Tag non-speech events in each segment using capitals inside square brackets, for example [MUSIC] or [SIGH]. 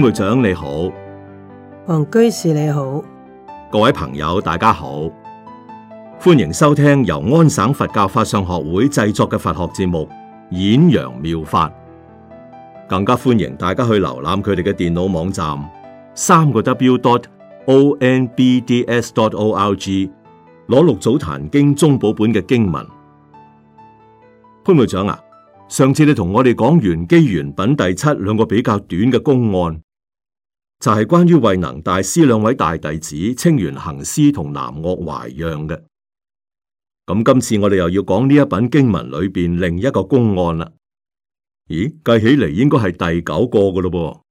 潘會長你好，黃居士你好，各位朋友大家好，歡迎收聽由安省佛教法相學會製作嘅佛學節目《演揚妙法》，更加歡迎大家去瀏覽佢哋嘅電腦網站三個 w.dot.o.n.b.d.s.dot.o.r.g，攞六祖壇經中寶本嘅經文。潘會長啊，上次你同我哋講完《機緣品》第七兩個比較短嘅公案。就係關於慧能大師兩位大弟子清源行思同南岳懷讓嘅。咁今次我哋又要講呢一品經文裏邊另一個公案啦。咦，計起嚟，應該係第九個噶咯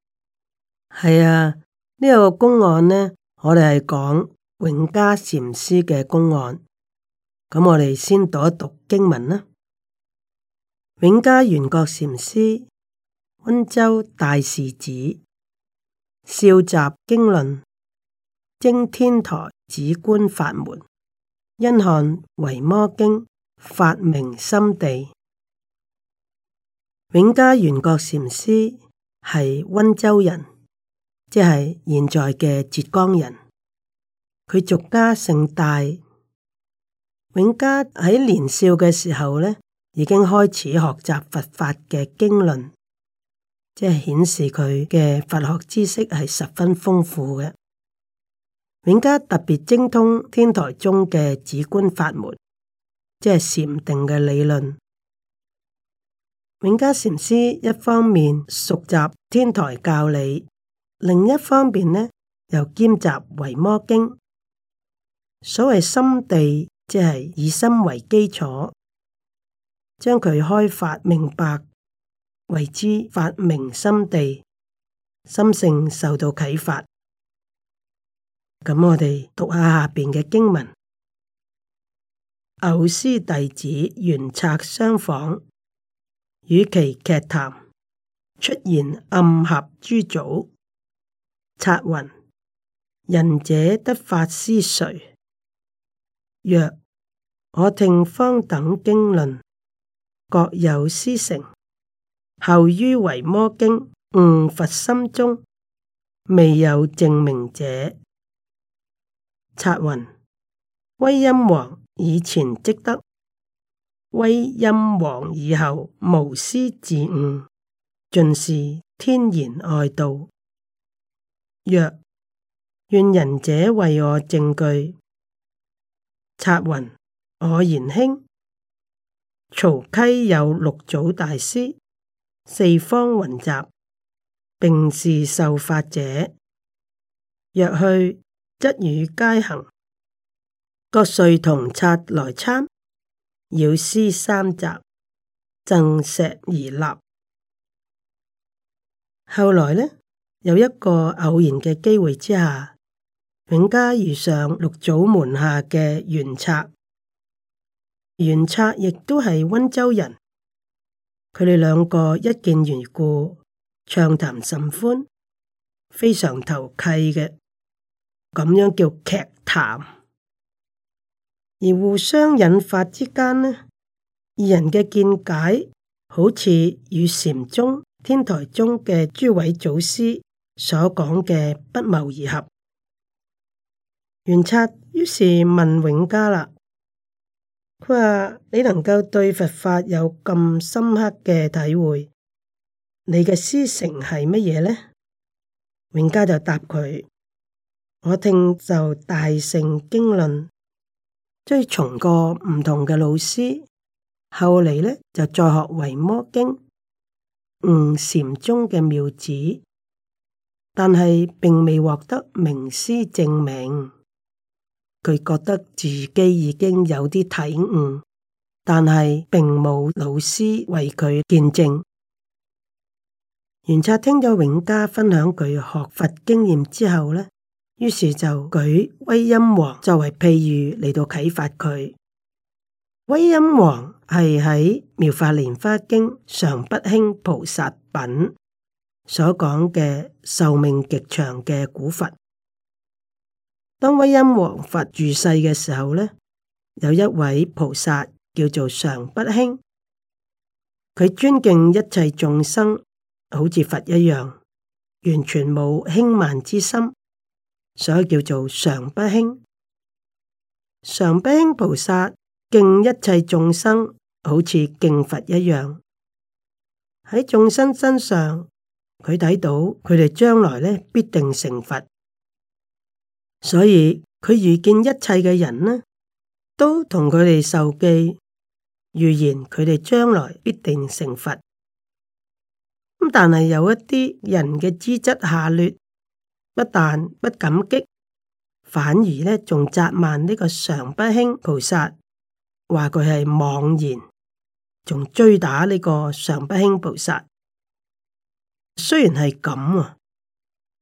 噃係啊，呢個公案呢，我哋係講永嘉禪師嘅公案。咁我哋先讀一讀經文啦。永嘉玄覺禪師，溫州大士子。少習經論，精天台止觀法門，因看《維摩經》，發明心地。永嘉玄覺禪師係温州人，即係現在嘅浙江人。佢俗家姓戴,永嘉喺年少嘅時候呢，已經開始學習佛法嘅經論。即係顯示佢嘅佛學知識係十分豐富嘅。永嘉特別精通天台宗嘅止觀法門，即係禪定嘅理論。永嘉禪師一方面熟習天台教理，另一方面呢，又兼習維摩經。所謂心地，即係以心為基礎，將佢開發明白。為之發明心地，心性受到啟發。咁我哋讀下下邊嘅經文：偶師弟子原策相訪，與其劇談，出現暗合諸祖。策云：仁者得法師誰？若我聽方等經論，各有師承。後於維摩經悟佛心宗，未有證明者。策云，威音王以前即得，威音王以後無師自悟，盡是天然外道。若願仁者為我證據。策云，我言輕，曹溪有六祖大師。四方雲集，並是受法者。若去，則與皆行。各遂同策來參，繞師三集，振石而立。後來呢，有一個偶然嘅機會之下，永嘉遇上六祖門下嘅元策，元策亦都係溫州人。佢哋兩個一見如故，暢談甚歡，非常投契嘅，咁樣叫劇談。而互相引發之間呢，二人嘅見解好似與禪宗天台宗嘅諸位祖師所講嘅不謀而合。原策於是問永嘉啦。佢話：你能夠對佛法有咁深刻嘅體會，你嘅師承係乜嘢呢？永嘉就答佢：我聽就大乘經論，追從 [NOISE] 過唔同嘅老師，後嚟呢就再學維摩經，悟禪宗嘅妙子，但係並未獲得名師證明。佢覺得自己已經有啲體悟，但係並冇老師為佢見證。玄策聽咗永嘉分享佢學佛經驗之後呢，於是就舉威音王作為譬喻嚟到啟發佢。威音王係喺《妙法蓮花經》常不興菩薩品所講嘅壽命極長嘅古佛。當威音王佛住世嘅時候咧，有一位菩薩叫做常不輕，佢尊敬一切眾生，好似佛一樣，完全冇輕慢之心，所以叫做常不輕。常不輕菩薩敬一切眾生，好似敬佛一樣，喺眾生身上，佢睇到佢哋將來咧必定成佛。所以佢遇見一切嘅人呢，都同佢哋授記，預言佢哋將來必定成佛。但係有一啲人嘅資質下劣，不但不感激，反而呢仲責罵呢個常不輕菩薩，話佢係妄言，仲追打呢個常不輕菩薩。雖然係咁啊，呢、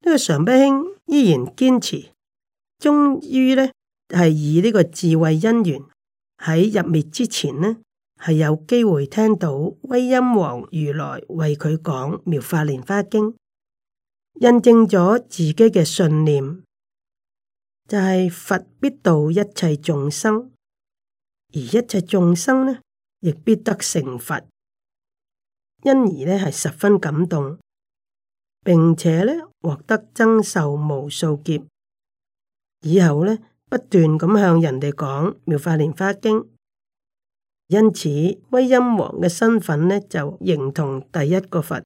這個常不輕依然堅持。終於呢，係以呢個智慧因緣喺入滅之前呢，係有機會聽到威音王如來為佢講《妙法蓮花經》，印證咗自己嘅信念，就係佛必度一切眾生，而一切眾生呢亦必得成佛，因而呢，係十分感動，並且呢，獲得增壽無數劫。以後呢，不斷咁向人哋講《妙法蓮花經》，因此威音王嘅身份呢就認同第一個佛，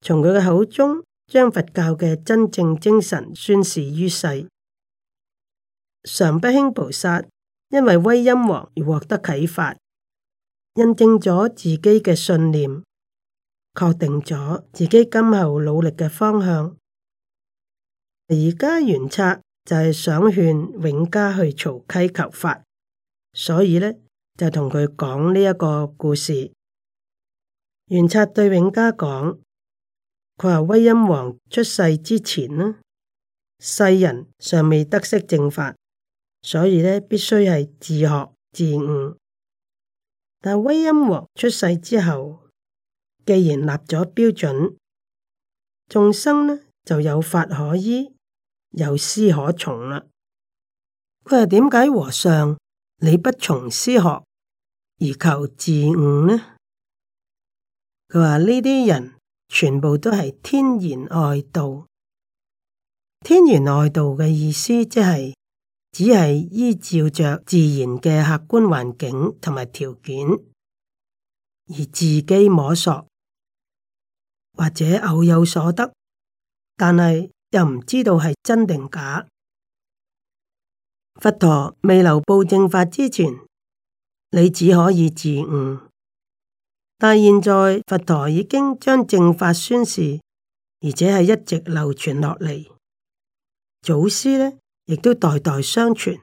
從佢嘅口中將佛教嘅真正精神宣示於世。常不輕菩薩因為威音王而獲得啟發，印證咗自己嘅信念，確定咗自己今後努力嘅方向。而家圓測。就係想勸永嘉去曹溪求法，所以咧就同佢講呢一個故事。玄策對永嘉講，佢話威音王出世之前呢，世人尚未得識正法，所以咧必須係自學自悟。但威音王出世之後，既然立咗標準，眾生呢就有法可依。有師可從啦、啊。佢話點解和尚你不從師學而求自悟呢？佢話呢啲人全部都係天然外道。天然外道嘅意思即係只係依照着自然嘅客觀環境同埋條件而自己摸索，或者偶有所得，但係。又唔知道係真定假。佛陀未留布正法之前，你只可以自悟。但係現在佛陀已經將正法宣示，而且係一直流傳落嚟。祖師呢亦都代代相傳，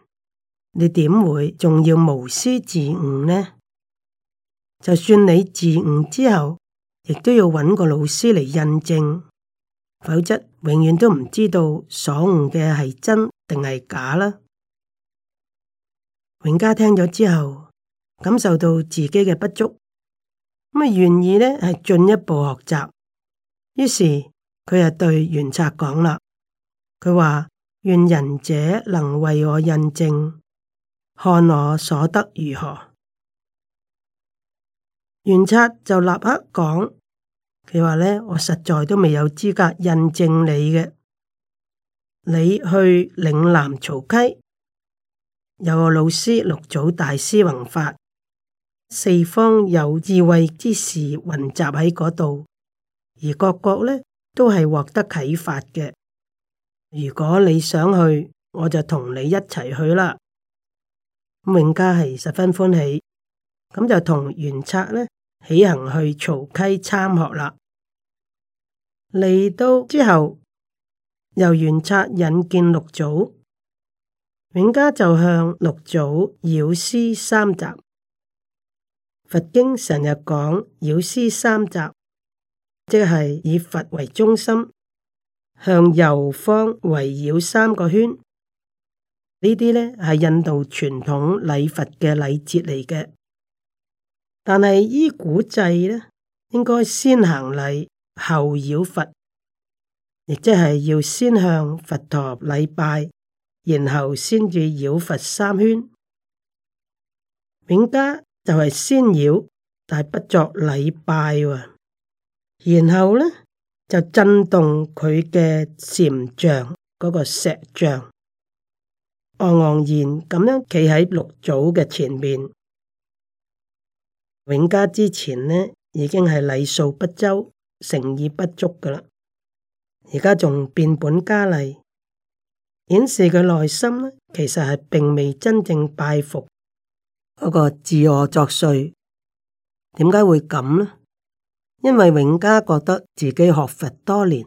你點會仲要無師自悟呢？就算你自悟之後，亦都要揾個老師嚟印證，否則。永遠都唔知道所悟嘅係真定係假啦。永嘉聽咗之後，感受到自己嘅不足，咁啊願意咧係進一步學習。於是佢就對玄策講啦，佢話，願仁者能為我印證，看我所得如何。玄策就立刻講。佢話咧，我實在都未有資格印證你嘅。你去嶺南曹溪，有個老師六祖大師弘法，四方有智慧之士雲集喺嗰度，而各國呢都係獲得啟發嘅。如果你想去，我就同你一齊去啦。永嘉係十分歡喜。咁就同玄策呢。起行去曹溪參學啦，嚟到之後，又原策引見六祖，永嘉就向六祖繞師三匝。佛經成日講繞師三匝，即係以佛為中心，向右方圍繞三個圈。呢啲咧係印度傳統禮佛嘅禮節嚟嘅。但係依古制咧，應該先行禮後繞佛，亦即係要先向佛陀禮拜，然後先至繞佛三圈。永嘉就係先繞，但係不作禮拜，然後咧就震動佢嘅禪像嗰、那個石像，昂昂然咁樣企喺六祖嘅前面。永嘉之前呢，已經係禮數不周、誠意不足㗎喇，而家仲變本加厲，顯示佢內心呢，其實係並未真正拜服嗰個自我作祟。點解會咁呢？因為永嘉覺得自己學佛多年，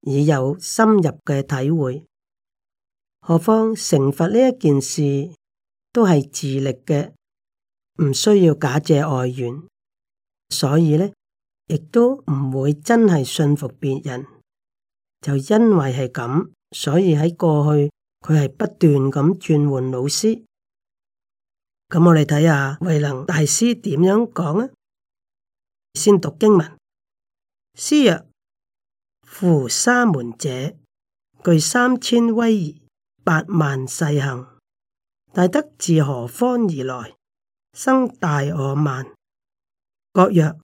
已有深入嘅體會，何況成佛呢一件事都係自力嘅。唔需要假借外援，所以呢亦都唔會真係信服別人。就因為係咁，所以喺過去佢係不斷咁轉換老師。咁我哋睇下慧能大師點樣講啊？先讀經文：師曰：「夫沙門者，具三千威儀、八萬細行，大德自何方而來？生大我慢，國曰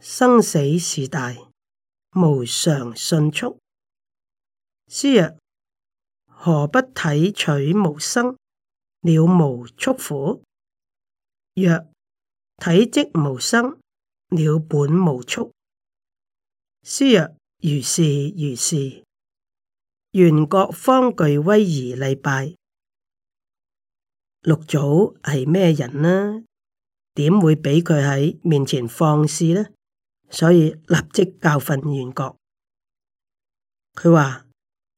生死事大，無常迅速。師曰：何不體取無生，了無速苦？曰：體即無生，了本無速。師曰：如是如是。願各方具威儀禮拜。六祖係咩人呢？點會俾佢喺面前放肆呢？所以立即教訓原覺。佢話，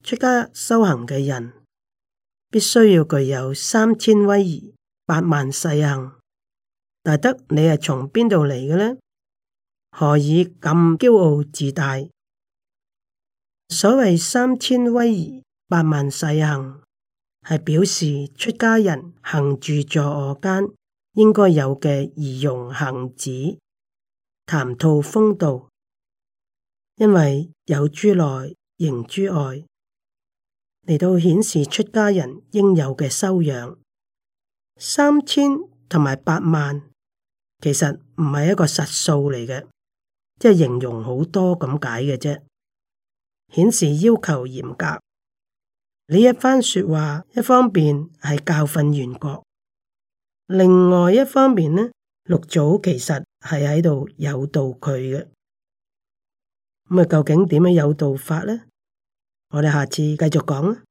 出家修行嘅人必須要具有三千威儀、八萬世行。大德，你係從邊度嚟嘅呢？何以咁驕傲自大？所謂三千威儀、八萬世行，係表示出家人行住坐臥間。應該有嘅儀容行止、談吐風度，因為有諸內，形諸外，嚟到顯示出家人應有嘅修養。三千同埋八萬，其實唔係一個實數嚟嘅，即係形容好多咁解嘅啫。顯示要求嚴格，你一番說話，一方面係教訓全國。另外一方面呢，六祖其實係喺度誘導佢嘅。咁啊究竟點樣誘導法呢？我哋下次繼續講啊！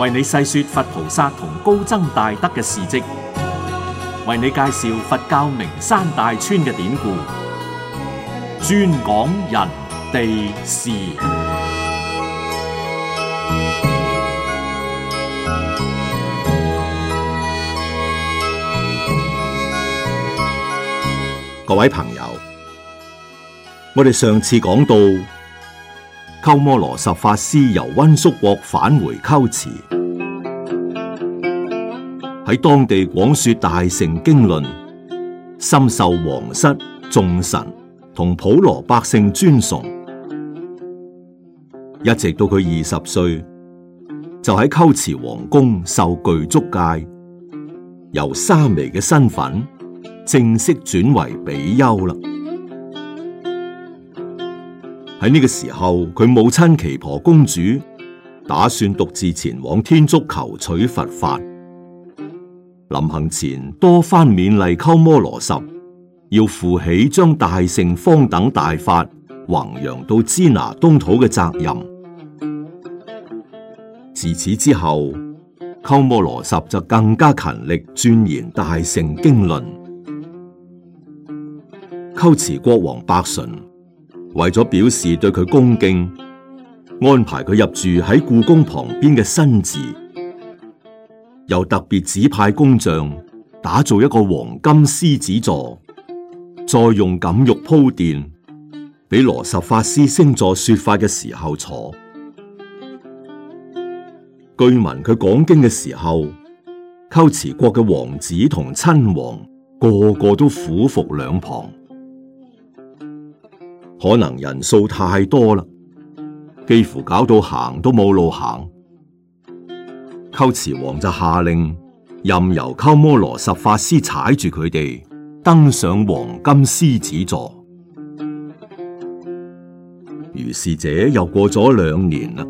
為你細說佛菩薩同高僧大德嘅事跡，為你介紹佛教名山大川嘅典故。專講人地事， [MUSIC] 各位朋友，我哋上次講到鳩摩羅什法師由温宿國返回龜茲，喺當地廣說大乘經論，深受皇室眾臣。同普羅百姓尊崇，一直到佢二十歲，就喺鳩池皇宮受具足戒，由沙彌嘅身份正式轉為比丘啦。喺呢個時候，佢母親奇婆公主打算獨自前往天竺求取佛法，臨行前多番勉勵鳩摩羅什。要負起將大乘方等大法弘揚到支那東土嘅責任。自此之後，鳩摩羅什就更加勤力鑽研大乘經論。龜茲國王白純為咗表示對佢恭敬，安排佢入住喺故宮旁邊嘅新寺，又特別指派工匠打造一個黃金獅子座。再用錦褥鋪墊，俾羅什法師升座說法嘅時候坐。據聞佢講經嘅時候，龜茲國嘅王子同親王個個都俯伏兩旁，可能人數太多啦，幾乎搞到行都冇路行。龜茲王就下令任由鳩摩羅什法師踩住佢哋。登上黃金獅子座，於是者又過咗兩年啦。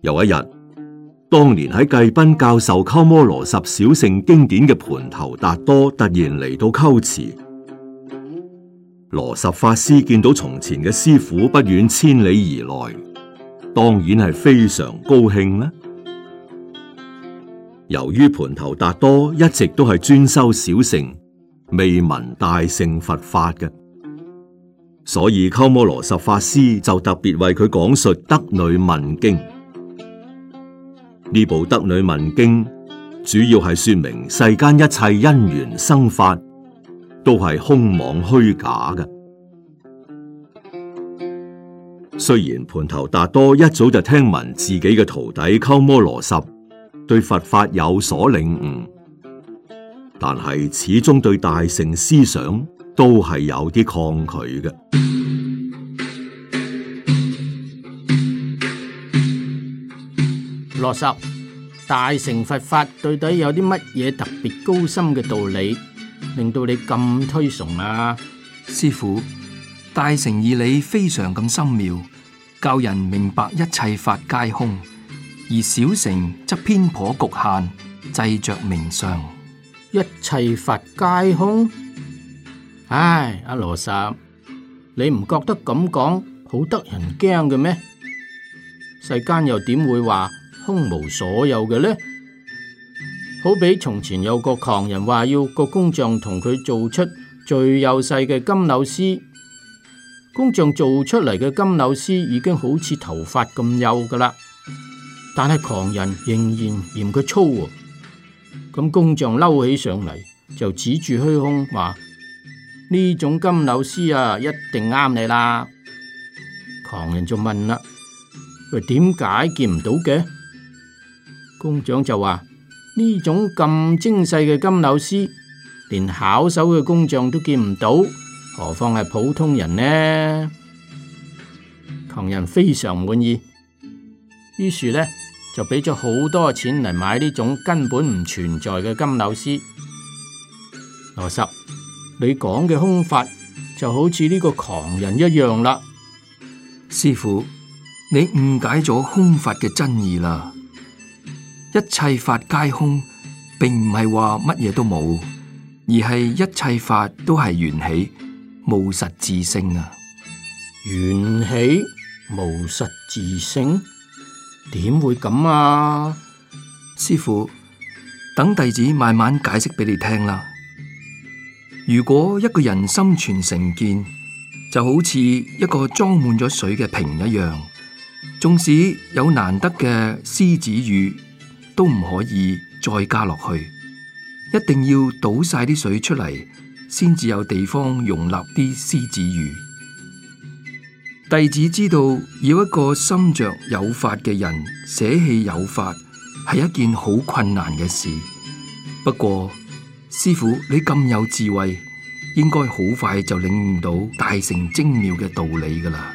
有一日，當年喺罽賓教授鳩摩羅什小乘經典嘅盤頭達多突然嚟到龜茲，羅什法師見到從前嘅師傅不遠千里而來，當然係非常高興啦。由於盤頭達多一直都係專修小乘，未聞大乘佛法嘅，所以鳩摩羅什法師就特別為佢講述《德女問經》。呢部《德女問經》主要係說明世間一切因緣生法都係空妄虛假嘅。雖然盤頭達多一早就聽聞自己嘅徒弟鳩摩羅什。對佛法有所領悟，但係始終對大乘思想都係有啲抗拒嘅。落十大乘佛法到底有啲乜嘢特別高深嘅道理，令到你咁推崇啊？師傅，大乘義理非常咁深妙，教人明白一切法皆空。而小城則偏頗局限，但係狂人仍然嫌佢粗，咁工匠嬲起上嚟，就指住虛空話：呢種金柳絲啊，一定啱你啦！狂人就問啦：佢點解見唔到嘅？工匠就話：呢種咁精細嘅金柳絲，連巧手嘅工匠都見唔到，何況係普通人呢？狂人非常滿意，於是呢。就俾咗好多錢嚟買呢種根本唔存在嘅金柳絲。羅什，你講嘅空法就好似呢個狂人一樣啦。師父，你誤解咗空法嘅真義啦。一切法皆空，並唔係話乜嘢都冇，而係一切法都係緣起，無實自性啊。緣起無實自性。點會咁啊？師父，等弟子慢慢解釋俾你聽啦。如果一個人心存成見，就好似一個裝滿咗水嘅瓶一樣，縱使有難得嘅獅子雨，都唔可以再加落去，一定要倒晒啲水出嚟，先至有地方容納啲獅子雨。弟子知道，要一個心着有法嘅人捨棄有法，係一件好困難嘅事。不過，師父，你咁有智慧，應該好快就領悟到大乘精妙嘅道理噶啦。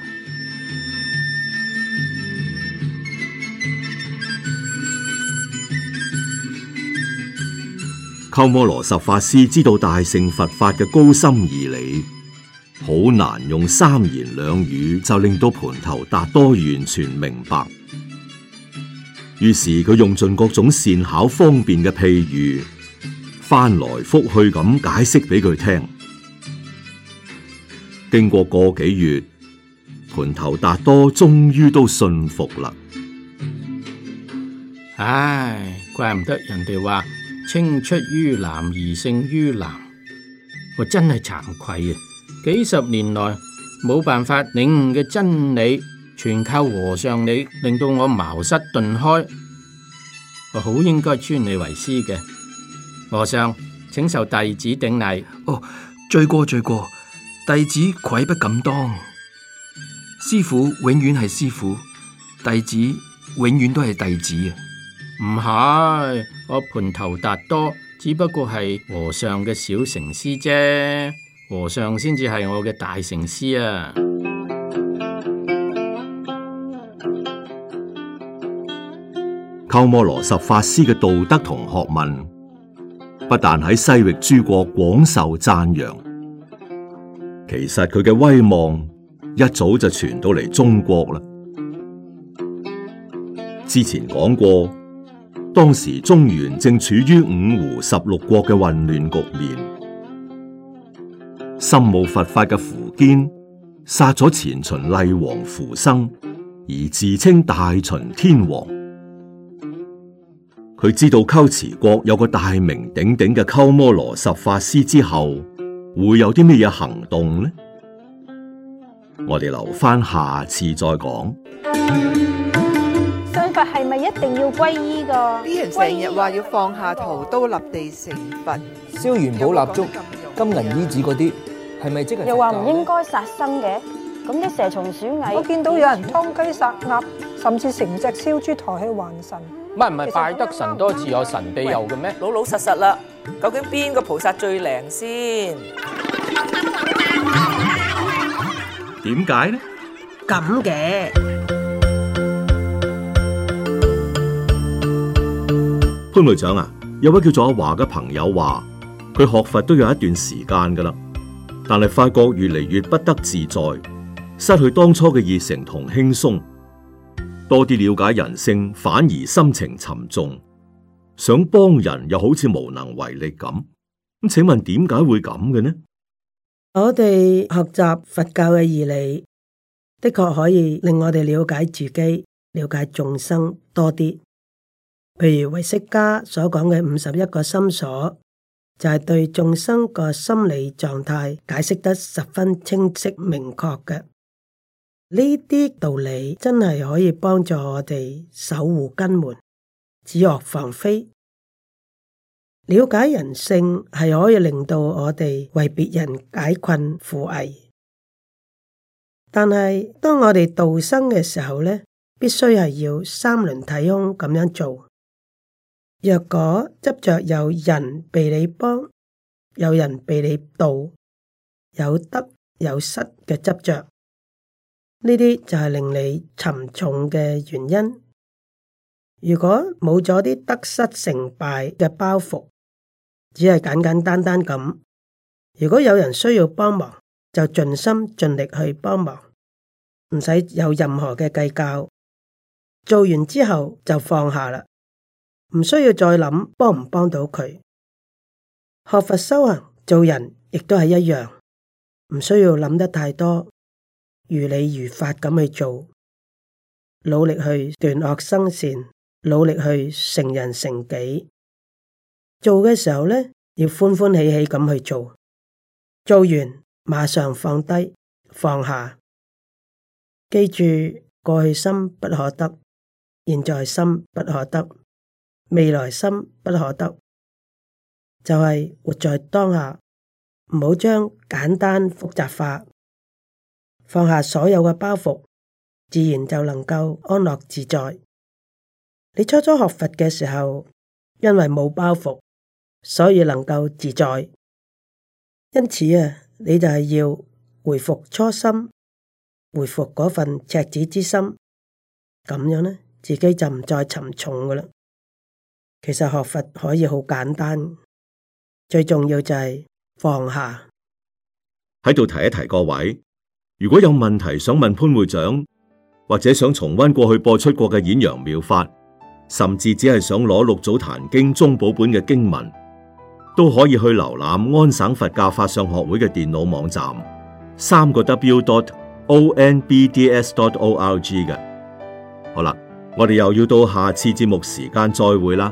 鳩摩羅什法師知道大乘佛法嘅高深義理。好難用三言兩語就令到盤頭達多完全明白。於是佢用盡各種善巧方便嘅譬喻，翻來覆去咁解釋俾佢聽。經過個幾月，盤頭達多終於都信服啦。唉，怪唔得人哋話青出於藍而勝於藍。我真係慚愧啊！幾十年來冇辦法領悟嘅真理，全靠和尚你令到我茅塞頓開，我好應該尊你為師嘅。和尚，請受弟子頂禮。哦，罪過罪過，弟子愧不敢當。師父永遠係師父，弟子永遠都係弟子啊！唔係，我盤頭達多只不過係和尚嘅小乘師啫。和尚先至係我嘅大成師啊！鳩摩羅什法師嘅道德同學問，不但喺西域諸國廣受讚揚，其實佢嘅威望一早就傳到嚟中國啦。之前講過，當時中原正處於五胡十六國嘅混亂局面。心冇佛法嘅苻堅殺咗前秦厲王苻生，而自稱大秦天王。佢知道龜茲國有個大名鼎鼎嘅鳩摩羅什法師之後，會有啲咩嘢行動呢？我哋留翻下次再講。信佛係咪一定要皈依個？啲人成日話要放下屠刀立地成佛，燒元寶蠟燭、有有金銀衣紙嗰啲。係咪即係又話唔應該殺生嘅？咁啲蛇蟲鼠蟻，我見到有人劏雞殺鴨，甚至成隻燒豬抬去還神。唔係拜得神多自有神庇佑嘅咩？老老實實啦，究竟邊個菩薩最靈先？點解呢？咁嘅，潘會長啊，有位叫做阿華嘅朋友話，佢學佛都有一段時間噶啦。但係發覺越嚟越不得自在，失去當初嘅熱誠同輕鬆，多啲了解人性，反而心情沉重，想幫人又好似無能為力咁。咁請問點解會咁嘅呢？我哋學習佛教嘅義理，的確可以令我哋了解自己、了解眾生多啲。譬如唯識家所講嘅五十一個心所。就係對眾生個心理狀態解釋得十分清晰明確嘅，呢啲道理真係可以幫助我哋守護根門，止惡防非。了解人性係可以令到我哋為別人解困扶危。但係當我哋度生嘅時候咧，必須係要三輪體空咁樣做。若果執着有人被你幫，有人被你度，有得有失嘅執着，呢啲就係令你沉重嘅原因。如果冇咗啲得失成敗嘅包袱，只係簡簡單單咁。如果有人需要幫忙，就盡心盡力去幫忙，唔使有任何嘅計較。做完之後就放下啦。唔需要再諗幫唔幫到佢，學佛修行，做人亦都係一樣，唔需要諗得太多，如理如法咁去做，努力去斷惡生善，努力去成人成己，做嘅時候咧要歡歡喜喜咁去做，做完馬上放低放下，記住過去心不可得，現在心不可得。未來心不可得，就係活在當下，唔好將簡單複雜化，放下所有嘅包袱，自然就能夠安樂自在。你初初學佛嘅時候，因為冇包袱，所以能夠自在。因此啊，你就係要回復初心，回復嗰份赤子之心，咁樣咧，自己就唔再沉重噶啦。其實學佛可以好簡單，最重要就係放下。喺度提一提各位，如果有問題想問潘會長，或者想重温過去播出過嘅演揚妙法，甚至只係想攞六祖壇經宗寶本嘅經文，都可以去瀏覽安省佛教法相學會嘅電腦網站，三個 w dot o n b d s dot o l g 嘅。好啦，我哋又要到下次節目時間，再會啦。